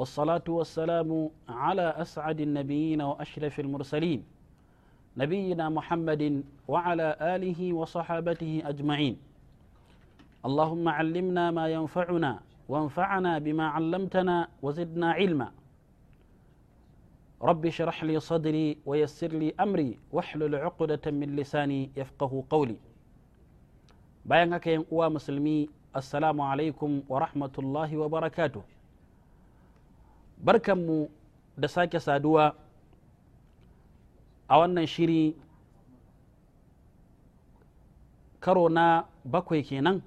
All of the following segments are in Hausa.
والصلاة والسلام على أسعد النبيين وأشرف المرسلين نبينا محمد وعلى آله وصحابته أجمعين اللهم علمنا ما ينفعنا وانفعنا بما علمتنا وزدنا علما رب اشرح لي صدري ويسر لي أمري واحلل عقدة من لساني يفقه قولي بيانك يا مسلمي السلام عليكم ورحمة الله وبركاته barkanmu da sake saduwa a wannan shiri karo na bakwai kenan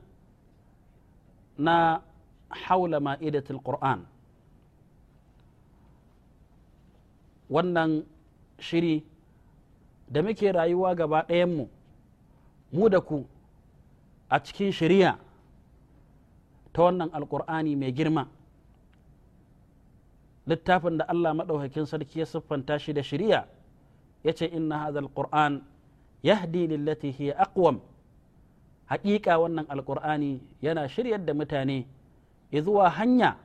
na haula ma'idatul qur'an wannan shiri da muke rayuwa gaba ɗayanmu mu da ku a cikin shari'a ta wannan alƙur'ani mai girma littafin da Allah maɗaukakin sarki ya siffanta shi da shari'a ya ce inna hadha alquran yahdi lillati hiya aqwam haƙiƙa wannan alqur'ani yana shiryar da mutane zuwa hanya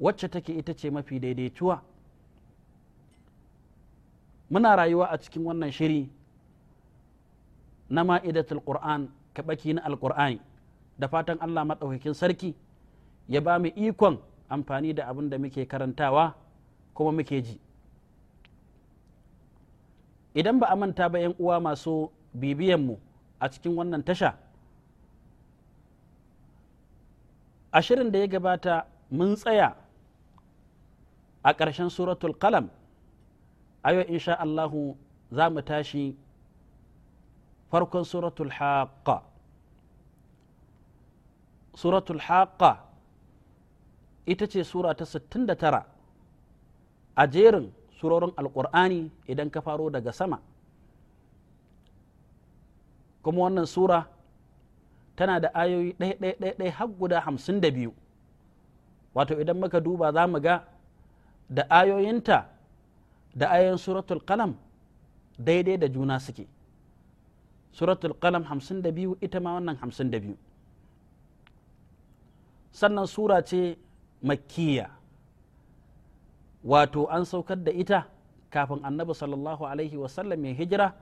wacce take ita ce mafi daidaituwa muna rayuwa a cikin wannan shiri na ma'idatul qur'an kaɓaki na alqur'ani da fatan Allah maɗaukakin sarki ya ba mu ikon amfani da abin da muke karantawa kuma muke ji idan ba a manta ba 'yan uwa masu bibiyanmu a cikin wannan tasha ashirin da ya gabata mun tsaya a ƙarshen suratul qalam a yau insha Allahu za mu tashi farkon suratul haqqa suratul haqqa ita ce sura ta 69 a jerin surorin alkur'ani idan ka faro daga sama kuma wannan sura tana da ayoyi ɗaya har guda hamsin da biyu wato idan muka duba za mu ga da ayoyinta da ayoyin suratul qalam daidai da juna suke suratul qalam hamsin da biyu ita ma wannan hamsin da biyu sannan sura ce makkiya wato an saukar da ita kafin annabi sallallahu alaihi wasallam ya hijira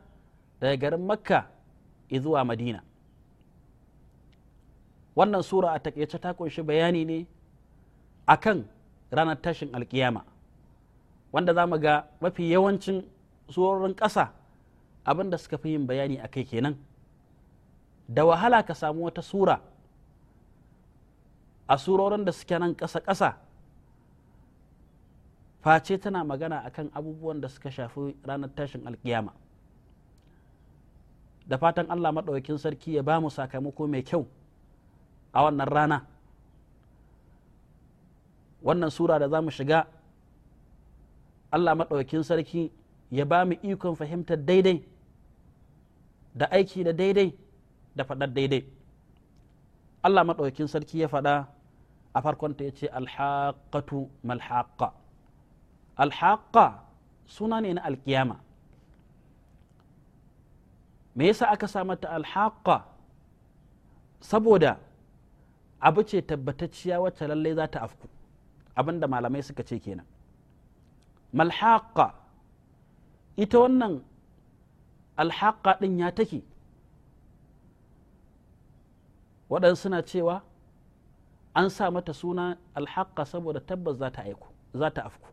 daga garin makka zuwa madina wannan sura a takaice ta kunshi bayani ne akan ranar tashin alkiyama wanda za mu ga mafi yawancin surorin ƙasa abinda suka fi yin bayani a kai kenan da wahala ka samu wata sura a surorin da suke nan ƙasa-ƙasa face tana magana akan abubuwan da suka shafi ranar tashin alkiyama da fatan allah maɗaukin sarki ya ba mu sakamako mai kyau a wannan rana wannan sura da za mu shiga allah maɗaukin sarki ya ba mu ikon fahimtar daidai da aiki da daidai da faɗar daidai allah maɗaukin sarki ya faɗa a farkonta ya ce alhaƙatu malhaƙa alhaƙa suna ne na alkiyama me yasa aka sa mata alhaƙa saboda abu ce tabbatacciya wacce lallai za ta afku abinda malamai suka ce kenan malhaƙa ita wannan alhaƙa ɗin ya take waɗansu suna cewa an sa mata suna alhaqa saboda tabbas za ta aiko za ta afku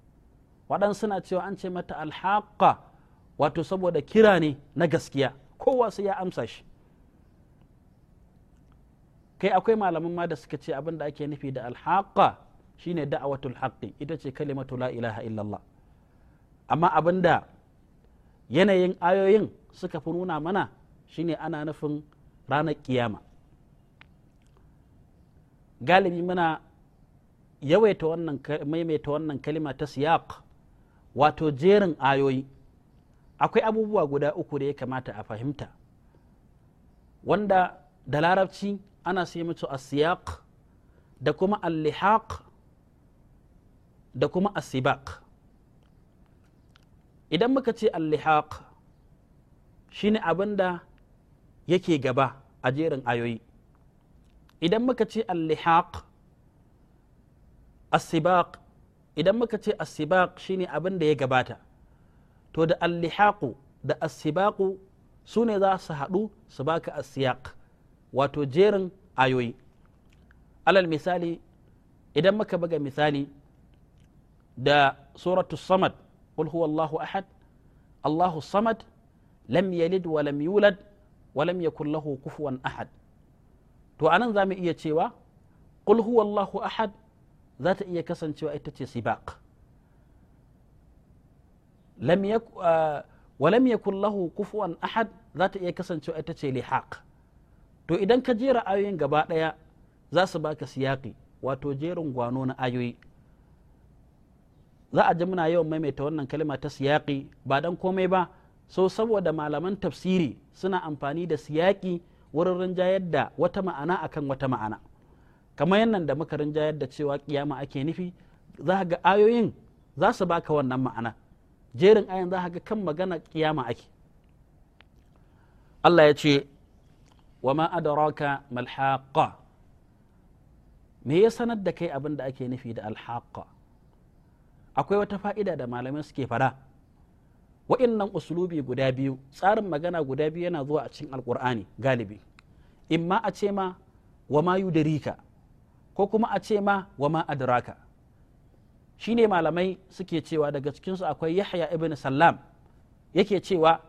waɗansu suna cewa an ce mata alhaqa wato saboda kira ne na gaskiya kowa sai ya amsa shi kai akwai malaman ma da suka ce abin da ake nufi da alhaqa shine da'awatul haqqi ita ce kalimatu la ilaha illallah amma abin da yanayin ayoyin suka fi nuna mana shine ana nufin ranar kiyama galibi muna yawaita wannan maimaita wannan kalima ta siyaq wato jerin ayoyi akwai abubuwa guda uku da ya kamata a fahimta wanda da larabci ana sai mutu a siyaq da kuma al-lihaq da kuma asibaq idan muka ce al-lihaq shine abinda yake gaba a jerin ayoyi idan muka ce al-lihaq as-sibaq idan muka ce as-sibaq shine abin da ya gabata to da al-lihaqu da as-sibaqu za su haɗu su baka as-siyaq wato jerin ayoyi alal misali idan muka buga misali da suratu samad qul huwallahu ahad allahu samad lam yalid wa lam yulad wa lam yakul lahu kufuwan ahad to anan za mu iya cewa qul huwallahu ahad za ta iya kasancewa ita ce sibaq lam yakun ah, wa lam yakun lahu kufuwan ahad za ta iya kasancewa ita ce lihaq to idan ka jera ayoyin gaba daya za su baka siyaqi wato jerin gwano na ayoyi za a ji muna yawan maimaita wannan kalma ta siyaqi ba dan komai ba so saboda malaman tafsiri suna amfani da siyaqi wurin rinjayar da wata ma'ana akan wata ma'ana kamar yannan da muka rinjayar da cewa kiyama ake nufi za ga ayoyin za su baka wannan ma'ana jerin ayan za ga kan magana kiyama ake Allah ya ce wa ma adraka mal me ya sanar da kai abin da ake nufi da al akwai wata fa'ida da malamai suke fada waɗannan uslubi guda biyu tsarin magana guda biyu yana zuwa a cikin alkur'ani galibi imma a ce ma wa ma yudarika ko kuma a ce ma wa ma adraka shine malamai suke cewa daga cikinsu akwai yahya ibn sallam yake cewa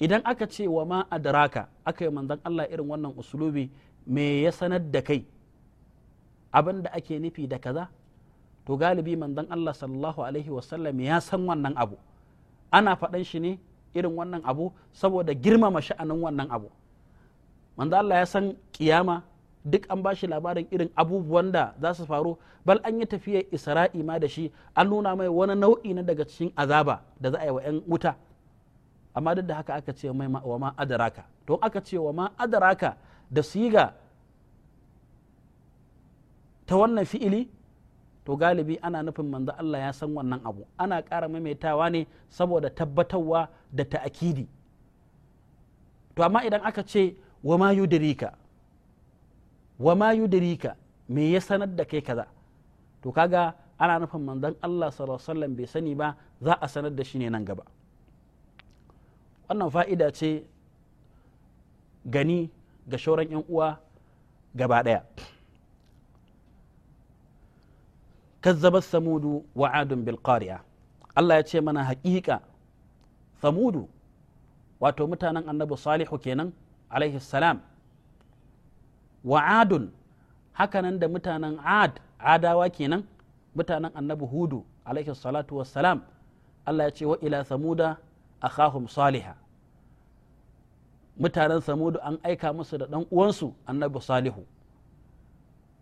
idan aka ce wa ma adraka aka yi manzon Allah irin wannan usulubi me ya sanar da kai abinda ake nufi da kaza to galibi manzon Allah sallallahu alaihi wasallam ya san wannan abu ana faɗan shi ne irin wannan abu saboda girmama sha'anin wannan abu wanda Allah ya san kiyama duk an ba shi labarin irin abubuwan da za su faru bal an yi tafiya isra'i ma da shi an nuna mai wani nau'i na daga cikin azaba da za a yi wa 'yan wuta amma duk da haka aka ce mai wa ma adaraka don aka ce wa ma adaraka da su yi ga ta wannan fi'ili to galibi ana nufin manzo Allah ya san wannan abu ana ƙara maimaitawa ne saboda tabbatarwa da ta'akidi to amma idan aka ce wa ma yudrika wa ma yudrika me ya sanar da kai kaza to kaga ana nufin manzon Allah sallallahu alaihi wasallam bai sani ba za a sanar da shi ne nan gaba wannan fa'ida ce gani ga shauran 'yan uwa gaba ɗaya kazzabat samudu wa adun bil Allah ya ce mana haƙiƙa samudu wato mutanen annabi salihu kenan alaihi salam wa adun hakanan da mutanen ad adawa kenan mutanen annabi hudu alaihi salatu wassalam Allah ya ce wa ila samuda akhahum saliha mutanen samudu an aika musu da ɗan uwansu annabi salihu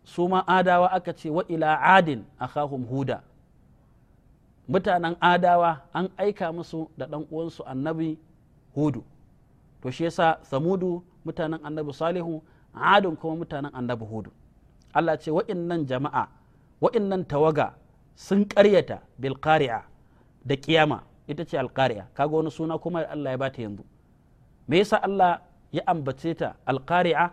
su ma adawa aka ce wa ila adin kahun huda mutanen adawa an aika musu da ɗan uwansu annabi hudu to shi yasa samudu mutanen annabi salihu adin kuma mutanen annabi hudu Allah ce wa'innan jama'a wa'innan tawaga sun ƙaryata bilkari'a da ƙiyama ita ce alƙari'a kaga wani suna kuma Allah ya bata yanzu me yasa Allah ya ambace ta alƙari'a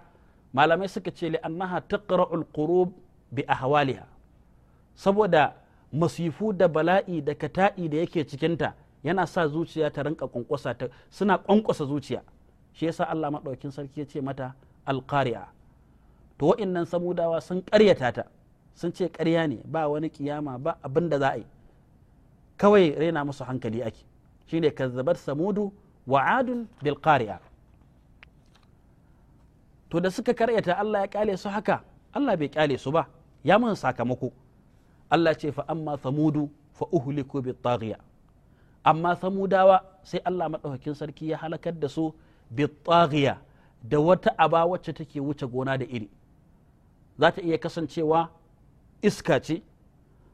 malamai suka ce li annaha taqra'ul qurub bi ahwaliha saboda masifu da bala'i da kata'i da yake cikin ta yana sa zuciya ta rinka kunkusa ta suna kunkusa zuciya shi yasa Allah madaukin sarki ya ce mata alqari'a to wa'annan samudawa sun karyata ta sun ce ƙarya ne ba wani kiyama ba abin da za a yi kawai raina musu hankali ake shine kazzabat samudu wa adun bil qari'a to da suka karyata Allah ya kyale su haka Allah bai kyale su ba ya mun sakamako Allah ce fa amma samudu fa uhliku bi taghiya amma samudawa sai Allah madaukakin sarki ya halakar da su bi taghiya da wata aba wacce take wuce gona da iri za ta iya kasancewa iska ce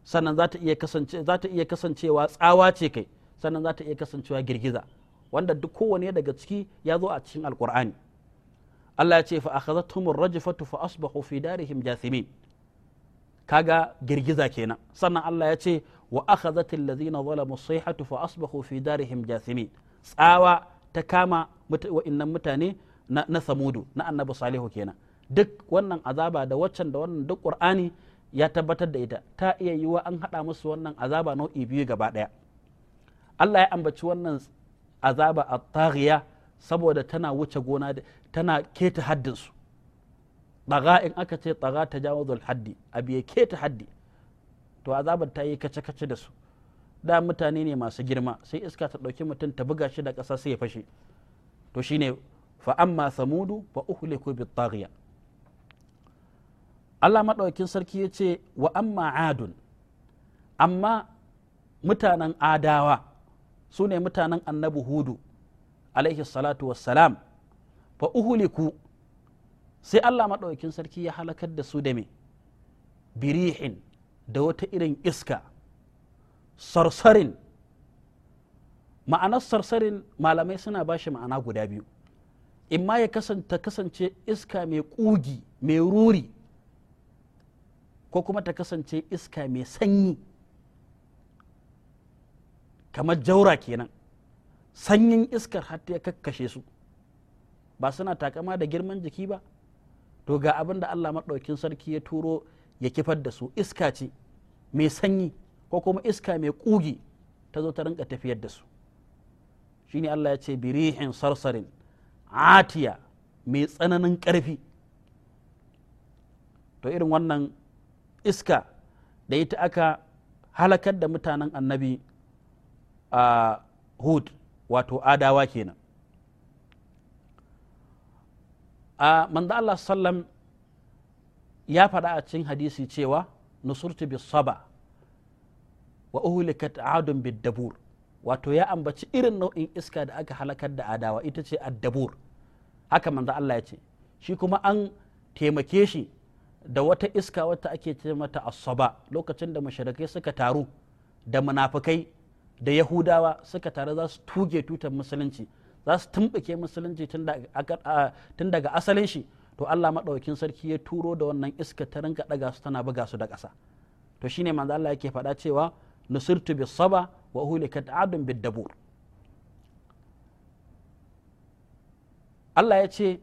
sannan za ta iya kasance za ta iya kasancewa tsawa ce kai sannan za ta iya kasancewa girgiza wanda duk kowane daga ciki ya zo a cikin alkur'ani Allah ya ce fa akhadhatuhum ar-rajfatu fa asbahu fi darihim jathimin kaga girgiza kenan sannan Allah ya ce wa akhadhat alladhina zalamu sayhatu fa asbahu fi darihim jathimin tsawa ta kama wa'innan mutane na, na samudu na annabi salihu kenan duk wannan azaba da waccan da wannan duk qur'ani ya tabbatar da ita ta iya yiwa an hada musu wannan azaba nau'i biyu gaba daya Allah ya ambaci wannan azaba at-taghiya saboda tana wuce gona tana keta haddinsu ɗaga in aka ce ɗaga ta jawazul haddi abu ya keta haddi to azabar ta yi kace-kace da su da mutane ne masu girma sai iska ta ɗauki mutum ta buga shi da ƙasa sai ya fashe to shine fa amma samudu fa ku bit taghiya Allah maɗaukin sarki ya ce wa amma adun amma mutanen adawa su ne mutanen annabi hudu alaihi salatu wassalam fa uhuliku sai Allah maɗaukin sarki ya halakar da su da me birihin da wata irin iska sarsarin ma'anar sarsarin malamai suna ba shi ma'ana guda biyu in ma ya kasanta kasance iska mai ƙugi mai ruri ko kuma ta kasance iska mai sanyi kamar jaura kenan sanyin iskar har ta kakkashe su ba suna takama da girman jiki ba to ga abin da Allah maɗaukin sarki ya turo ya kifar da su iska ce mai sanyi ko kuma iska mai ƙugi ta zo ta rinka tafiyar da su shine Allah ya ce birihin sarsarin atiya mai tsananin ƙarfi to irin wannan iska da ita aka halakar da mutanen annabi a hud wato adawa kenan a manzo Allah sallam ya faɗa a cikin hadisi cewa nusurtu bis saba wa uhlikat adun bid dabur wato ya ambaci irin nau'in iska da aka halakar da adawa ita ce addabur haka manzo Allah ya ce shi kuma an taimake shi da wata iska wata ake ce mata Saba lokacin da mashirikai suka taru da munafukai da yahudawa suka taru za su tuge tutar musulunci za su tumbuke musulunci tun daga asalin shi to Allah maɗaukin sarki ya turo da wannan iska ta rinka ɗaga su tana buga su da ƙasa to shine manzo Allah yake faɗa cewa nusirtu bis saba wa hulikat adun bid dabur Allah ya ce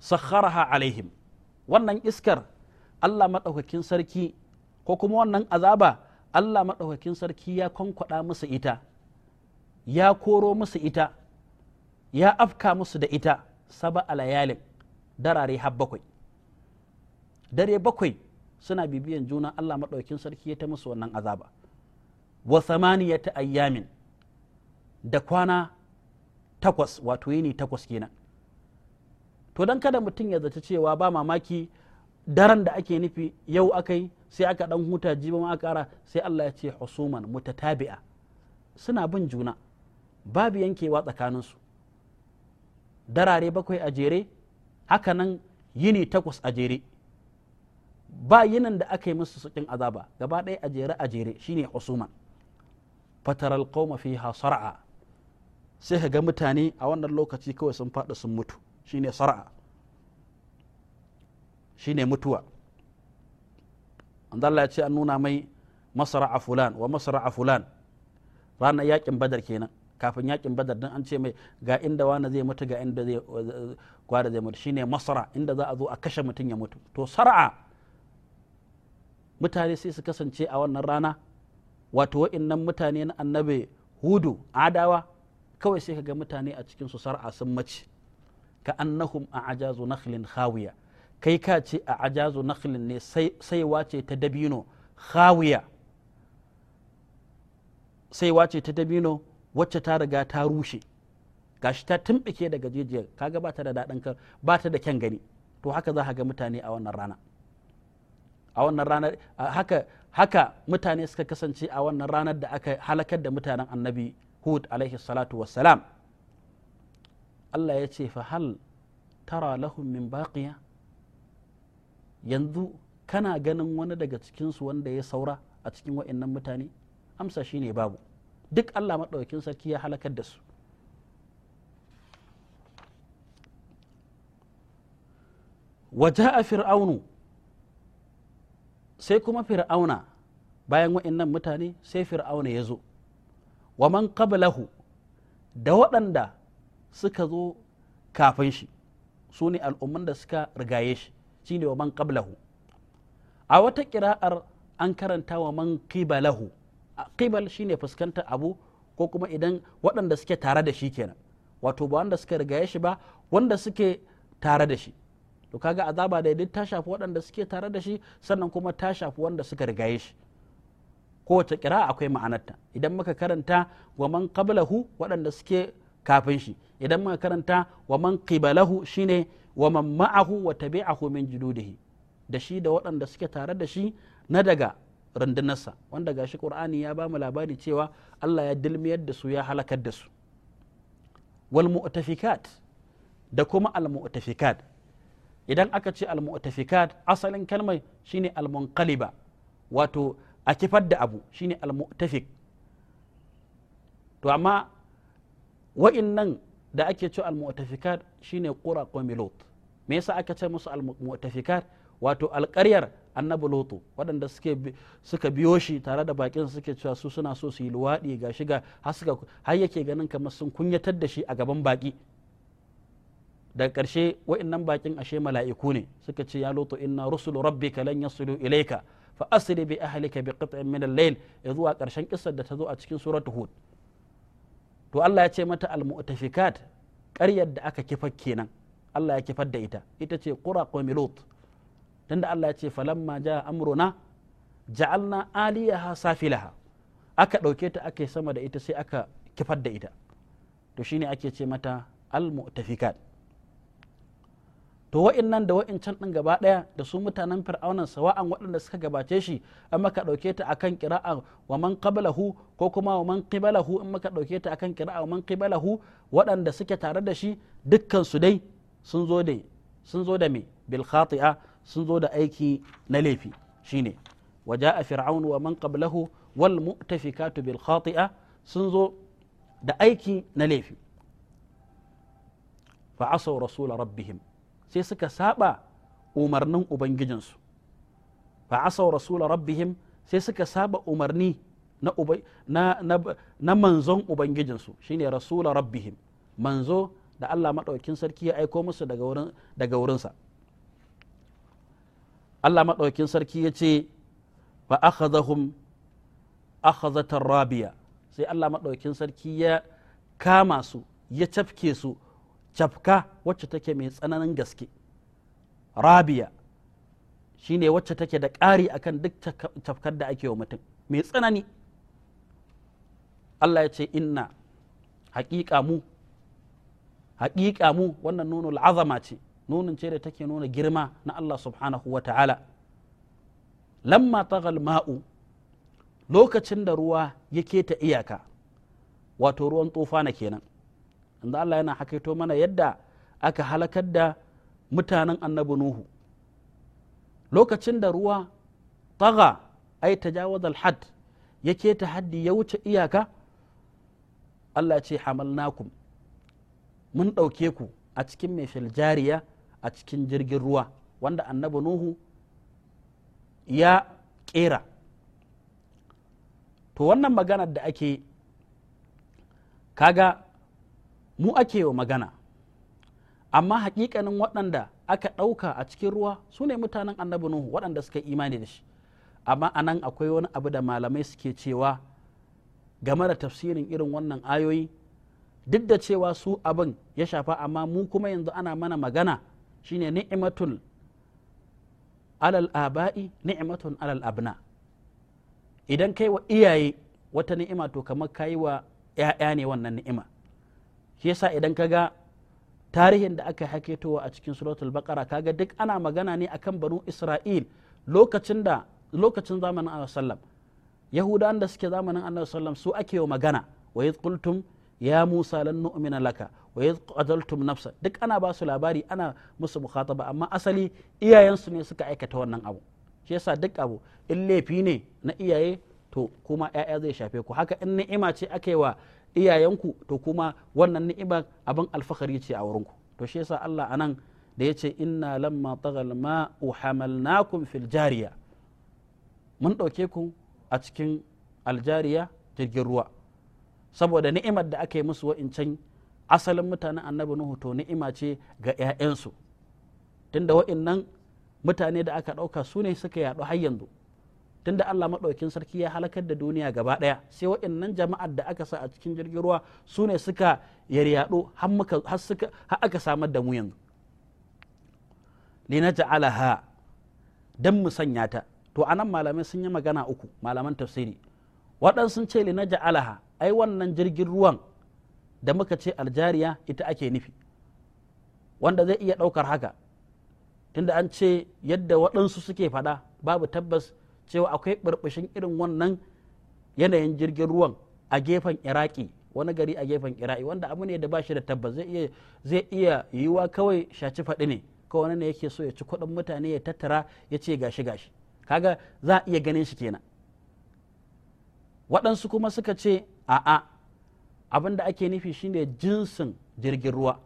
sakharaha alaihim wannan iskar Allah maɗaukakin sarki ko kuma wannan azaba Allah maɗaukakin sarki ya kwankwada musu ita ya koro musu ita ya afka musu da ita saba alayalin darare har bakwai dare bakwai suna bibiyan juna Allah maɗaukin sarki ya ta musu wannan azaba wa samaniyata ayyamin da kwana takwas wato yini takwas kenan to don kada mutum ya zata cewa ba mamaki daren da ake nufi yau akai sai aka dan huta jiba aka aka sai Allah ya ce husuman mutatabi'a suna bin juna babu yankewa tsakaninsu darare bakwai a jere haka nan yini takwas a jere ba yinin da aka yi musu sukin azaba gaba ɗaya a jere a jere shine husuma fataral qauma fiha sar'a sai ka ga mutane a wannan lokaci kawai sun faɗi sun mutu shine sar'a shine mutuwa Allah ya ce an nuna mai masara a fulan wa masara a fulan ranar yakin badar kenan kafin yakin badar dan an ce mai ga inda wani zai mutu ga inda zai gwada zai mutu shine masara inda za a zo a kashe mutum ya mutu to sar'a mutane sai su kasance a wannan rana wato wa'innan mutane na annabi hudu adawa kawai sai kaga mutane a cikin su sar'a sun mace ka annahum a ajazu nakhlin khawiya kai ka ce a ajazu nakhlin ne saiwa ce ta dabino khawiya saiwa ce ta dabino wacce ta riga ta rushe gashi ta tumbike daga jijiyar kaga ba ta da daɗin ka ba ta da kyan gani to haka za ga mutane a wannan rana a wannan rana haka haka mutane suka kasance a wannan ranar da aka halakar da mutanen annabi hud alaihi salatu wassalam Allah ya ce fa hal tara lahum min baqiya yanzu kana ganin wani daga cikinsu wanda ya saura a cikin wa'annan mutane amsa shine babu duk Allah maɗaukin sarki ya halakar da su waje a fir'aunu sai kuma fir'auna bayan wa'innan mutane sai fir'auna ya zo wa man qablahu da waɗanda suka zo kafin shi su ne al'umman da suka rigaye shi shine wa man qablahu a wata ƙira'ar an karanta wa man qibalahu qibal shine fuskantar abu ko kuma idan waɗanda suke tare da shi kenan wato ba wanda suka rigaye shi ba wanda suke tare da shi to kaga azaba da ta shafi waɗanda suke tare da shi sannan kuma ta shafi wanda suka rigaye shi kowace kira akwai ma'anarta idan muka karanta wa man qablahu waɗanda suke kafin shi idan muka karanta wa man qibalahu shine wa man ma'ahu wa tabi'ahu min jududihi da shi da waɗanda suke tare da shi na daga rundunarsa wanda gashi qur'ani ya ba mu labari cewa Allah ya dilmiyar da su ya halakar da su wal mu'tafikat da kuma al mu'tafikat idan aka ce al mu'tafikat asalin kalmar shine al munqaliba wato a kifar da abu shine al mu'tafik to amma wa'innan da ake cewa al mu'tafikat shine qura qamilut me yasa aka ce musu al mu'tafikat wato alƙaryar annabi loto waɗanda suka biyo shi tare da bakin suke cewa su suna so su yi luwaɗi ga shiga har yake ganin kamar sun kunyatar da shi a gaban baki daga ƙarshe wa'annan bakin ashe mala'iku ne suka ce ya loto inna rusulu kalan ya sulu ilaika fa asri bi ka bi qit'in min al-layl zuwa ƙarshen kissar da ta zo a cikin suratu hud to Allah ya ce mata al-mu'tafikat ƙaryar da aka kifar kenan Allah ya kifar da ita ita ce qura qawmi lut tunda Allah ya ce falamma ja amruna ja'alna aliyaha safilaha aka ɗauke ta ake sama da ita sai aka kifar da ita to shine ake ce mata al-mu'tafikat to wa'innan da wa'incan din gaba daya da su mutanen fir'aunan sawa'an waɗanda suka gabace shi an maka ɗauke ta akan qira'a wa man qablahu ko kuma wa man qiblahu in maka ɗauke ta akan qira'a wa man qiblahu waɗanda suke tare da shi dukkan su dai sun zo da sun zo da me bil khati'a sun zo da aiki na laifi shine waja a fir'aunu wa man qablahu wal mu'tafikatu bil khati'a sun zo da aiki na laifi fa asaw rasul rabbihim sai suka saba umarnin ubangijinsu fa asaw rasul rabbihim sai suka saba umarni na, na, manzon ubangijinsu shine rasul rabbihim manzo da Allah maɗaukin sarki ya aiko musu daga wurinsa Allah maɗaukin sarki ya ce ba akhazahum akhazatar rabiya sai Allah maɗaukin sarki ya kama su ya cafke su cafka wacce take mai tsananin gaske rabiya shine wacce take da ƙari akan duk cafkar da ake wa mutum mai tsanani Allah ya ce inna haƙiƙa mu haƙiƙa mu wannan nunul azama ce nunin ce da take nuna girma na Allah subhanahu wa ta'ala lamma tagal ma'u lokacin da ruwa ya keta iyaka wato ruwan na kenan inda Allah yana hakaito mana yadda aka halakar da mutanen annabi nuhu lokacin da ruwa taga ai tajawaz al-had ya keta haddi ya wuce iyaka Allah ce hamalnakum mun ɗauke ku a cikin mai filjariya a cikin jirgin ruwa wanda annabi nuhu ya kera to wannan maganar da ake kaga mu ake wa magana amma hakikanin waɗanda aka ɗauka a cikin ruwa su ne mutanen annabi nuhu waɗanda suka yi imani da shi amma anan akwai wani abu da malamai suke cewa game da tafsirin irin wannan ayoyi duk da cewa su abin ya shafa amma mu kuma yanzu ana mana magana shine ni'matul alal aba'i ni'matun alal abna idan kai wa iyaye wata ni'ima to kamar kai wa ‘ya'ya ne wannan ni'ima shi yasa idan ka ga tarihin da aka haketowa a cikin suratul baqara kaga duk ana magana ne akan banu isra'il lokacin da lokacin zamanin annabi sallam yahudan da suke zamanin annabi sallam su ake yi magana wa qultum ya musa lan nu'mina laka wa idh nafsa duk ana ba su labari ana musu mukhataba amma asali iyayensu ne suka aikata wannan abu shi yasa duk abu in laifi ne na iyaye to kuma ƴaƴa zai shafe ku haka in ni'ima ce ake wa iyayenku to kuma wannan ni'ima abin alfahari ce a wurinku to shi yasa Allah anan da yace inna lamma tagal ma uhamalnakum fil jariya mun ɗauke ku a cikin aljariya jirgin ruwa saboda ni'imar da aka yi musu wa'incan asalin mutanen annabi nuhu to ni'ima ce ga 'ya'yansu tunda wa'innan mutane da aka ɗauka su ne suka yaɗu har yanzu tunda Allah maɗaukin sarki ya halakar da duniya gaba ɗaya sai wa'innan jama'ar da aka sa a cikin jirgin ruwa su ne suka yaryaɗo har aka samar da mu yanzu linaja'alaha dan mu sanya ta to anan malamai sun yi magana uku malaman tafsiri waɗansu sun ce na alaha ai wannan jirgin ruwan da muka ce aljariya ita ake nufi wanda zai iya ɗaukar haka tunda an ce yadda waɗansu suke faɗa babu tabbas cewa akwai ɓarɓashin irin wannan yanayin jirgin ruwan a gefen iraki wani gari a gefen iraki wanda abu ne da ba shi da tabbas zai iya zai iya yiwuwa kawai shaci faɗi ne ko wani ne yake so ya ci kuɗin mutane ya tattara ya ce gashi gashi kaga za a iya ganin shi kenan waɗansu kuma suka ce a'a abin da ake nufi shine jinsin jirgin ruwa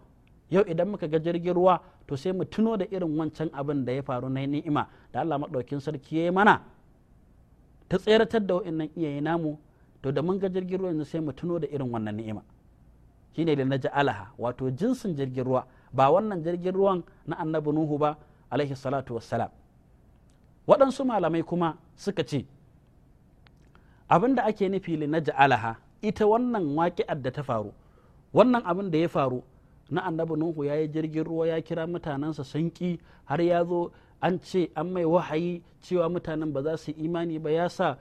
yau idan muka ga jirgin ruwa to sai mu tuno da irin wancan abin da ya faru na ni'ima da Allah maɗaukin sarki ya yi mana ta tseratar da wa'annan iyaye namu to da mun ga jirgin ruwa sai mu tuno da irin wannan ni'ima shine da naji alaha wato jinsin jirgin ruwa ba wannan jirgin ruwan na annabi nuhu ba alaihi salatu wassalam waɗansu malamai kuma suka ce abin da ake nufi li na ja'alaha ita wannan waƙi'ar da ta faru wannan abin da ya faru na annabi nuhu ya yi jirgin ruwa ya kira mutanensa sun har ya zo an ce an mai wahayi cewa mutanen ba za su imani ba ya sa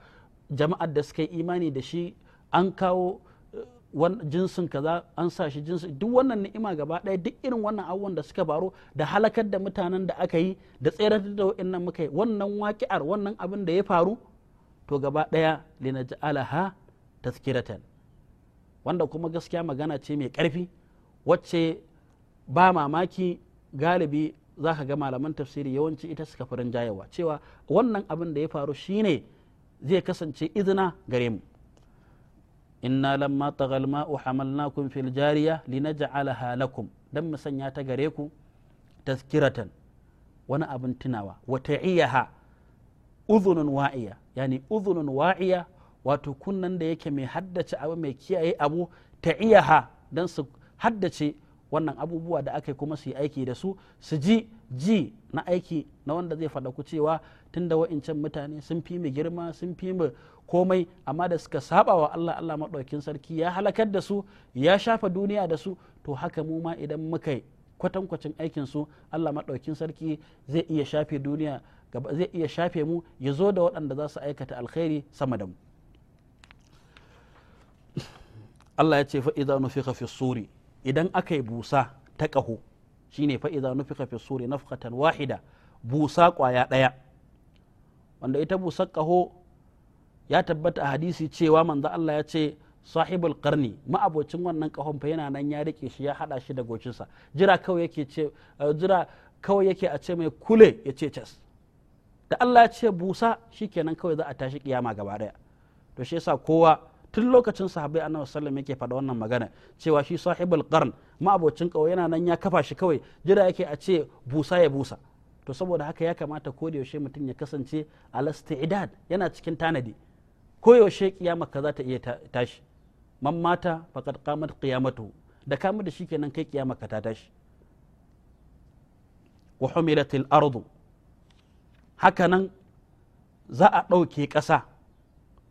jama'ar da suka yi imani da shi an kawo eh, jinsin kaza an sa shi jinsin duk wannan ni'ima gaba ɗaya duk irin wannan abubuwan da suka faru da halakar da mutanen da aka yi da tseratar da nan muka yi wannan waƙi'ar wannan abin da ya faru to gaba ɗaya ha tazkiratan wanda kuma gaskiya magana ce mai karfi wacce ba mamaki galibi za ka ga malaman tafsiri yawanci ita suka fi rinjayewa cewa wannan abin da ya faru shine zai kasance izina gare mu inna lamma tagal ma'u hamalnakum fil jariya linaj'alaha lakum dan mu sanya ta gare ku tazkiratan wani abin tunawa wa ta'iyaha uzunun wa'iya yani uzunun wa'iya wato kunnan da yake mai haddace abu mai kiyaye abu ta iya ha don su haddace wannan abubuwa da aka yi kuma su yi aiki da su su ji ji na aiki na wanda zai faɗa ku cewa tun da wa'incan mutane sun fi mu girma sun fi mu komai amma da suka saba wa Allah Allah maɗaukin sarki ya halakar da su ya shafa duniya da su to haka mu ma idan muka yi kwatankwacin aikin su Allah maɗaukin sarki zai iya shafe duniya gaba zai iya shafe mu ya zo da waɗanda za su aikata alkhairi sama da mu Allah ya ce fa'iza nufika fi suri idan aka yi busa ta ƙaho shine fa'iza nufika fi suri nafkatan wahida busa ƙwaya ɗaya wanda ita busa ƙaho ya tabbata a hadisi cewa manzo Allah ya ce sahibul karni ma'abocin wannan ƙahon fa yana nan ya rike shi ya haɗa shi da gocinsa jira kawai yake eh, jira kawai yake a ce mai kule ya ce cas da Allah ya ce busa shikenan kawai za a tashi kiyama gaba daya to shi yasa kowa tun lokacin sahabbai annabi sallam yake faɗa wannan magana cewa shi sahibul qarn ma'abocin kawai yana nan ya kafa shi kawai jira yake a ce busa ya busa to saboda haka ya kamata ko yaushe mutum ya kasance al-istidad yana cikin tanadi ko yaushe kiyama ka za ta iya tashi man mata faqad qamat qiyamatu da kamar da shikenan kai kiyama ka ta tashi wa humilatil ardu hakanan za a ɗauke ƙasa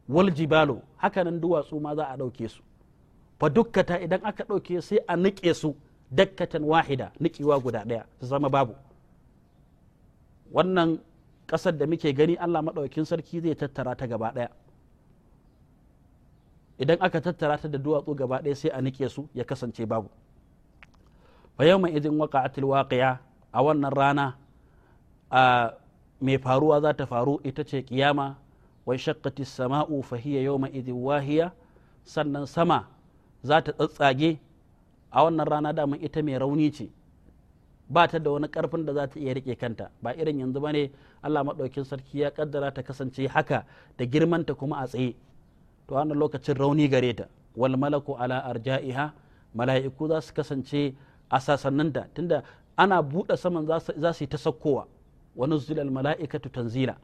wal jibalo hakanan duwatsu ma za a ɗauke su fa dukkata idan aka ɗauke sai a niƙe su dakkatan wahida niƙewa guda ɗaya su zama babu wannan ƙasar da muke gani allah maɗaukin sarki zai tattara ta gaba ɗaya idan aka tattara ta da duwatsu gaba ɗaya sai a niƙe su ya kasance babu fa yau mai waƙa waƙa'atul waƙiya a wannan rana a mai faruwa za ta faru ita ce kiyama wai shakkati sama'u fahiya yau idin wahiya sannan sama za ta tsatsage a wannan rana daman ita mai rauni ce ba ta da wani karfin da za ta iya rike kanta ba irin yanzu ba ne allah maɗaukin sarki ya kaddara ta kasance haka da girmanta kuma a tsaye to wannan lokacin rauni gare ta wal malaku ala arja'iha mala'iku za su kasance a sasanninta tunda ana buɗe saman za su yi ta sakkowa Wani nuzzila mala'ika mala'ikatu tanzila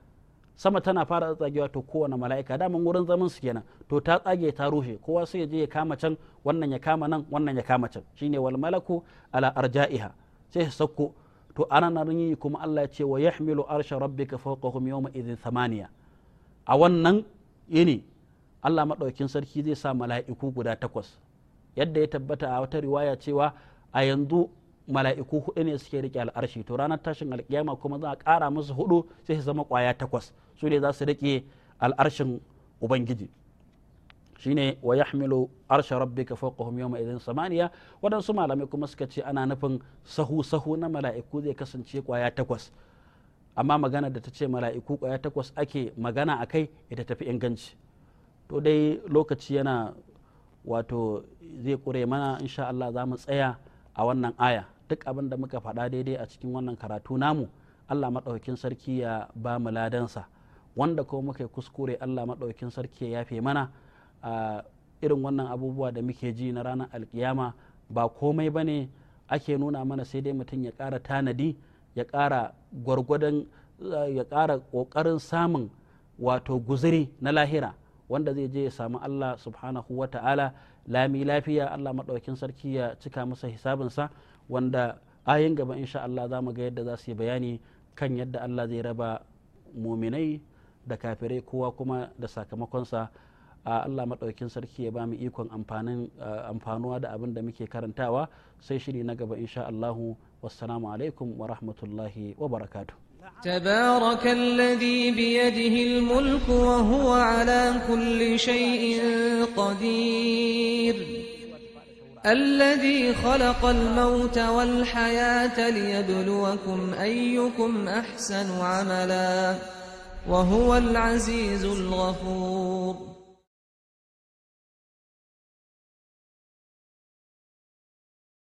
sama tana fara tsagewa to kowane mala'ika daman wurin zaman su kenan to ta tsage ta rufe kowa sai ya je ya kama can wannan ya kama nan wannan ya kama can shine wal malaku ala arja'iha sai sakko to ana nan yi kuma Allah ya ce wa yahmilu arsha rabbika fawqahum yawma idhin thamaniya a wannan yini Allah madaukin sarki zai sa mala'iku guda takwas yadda ya tabbata a wata riwaya cewa a yanzu mala'iku hudu ne suke rike al'arshi to ranar tashin alkiyama kuma za a ƙara musu hudu sai su zama kwaya takwas su ne za su rike al'arshin ubangiji shine wa yahmilu arsha rabbika fawqahum yawma idhin samaniya wadansu malamai kuma suka ce ana nufin sahu sahu na mala'iku zai kasance kwaya takwas amma magana da ta ce mala'iku kwaya takwas ake magana a kai ita tafi inganci to dai lokaci yana wato zai kure mana insha Allah za mu tsaya a wannan aya duk abin da muka faɗa daidai a cikin wannan karatu namu allah maɗaukin sarki ya ba mu ladansa wanda ko muka kuskure allah maɗaukin sarki ya yafe mana a irin wannan abubuwa da muke ji na ranar alkiyama ba komai ba ne ake nuna mana sai dai mutum ya ƙara tanadi ya ƙara ya ƙara ƙoƙarin samun wato guziri na lahira wanda zai je ya samu Allah subhanahu wa ta'ala lami lafiya Allah maɗaukin sarki ya cika masa hisabinsa wanda ayin gaba insha Allah za mu ga yadda za su yi bayani kan yadda Allah zai raba muminai da kafirai kowa kuma da sakamakonsa a Allah maɗaukin sarki ya ba mu ikon amfanuwa da abin da muke karantawa sai shiri na gaba insha Allahu wassalamu alaikum wa rahmatullahi wa barakatu تبارك الذي بيده الملك وهو على كل شيء قدير الذي خلق الموت والحياة ليبلوكم أيكم أحسن عملا وهو العزيز الغفور